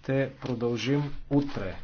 ще продължим утре.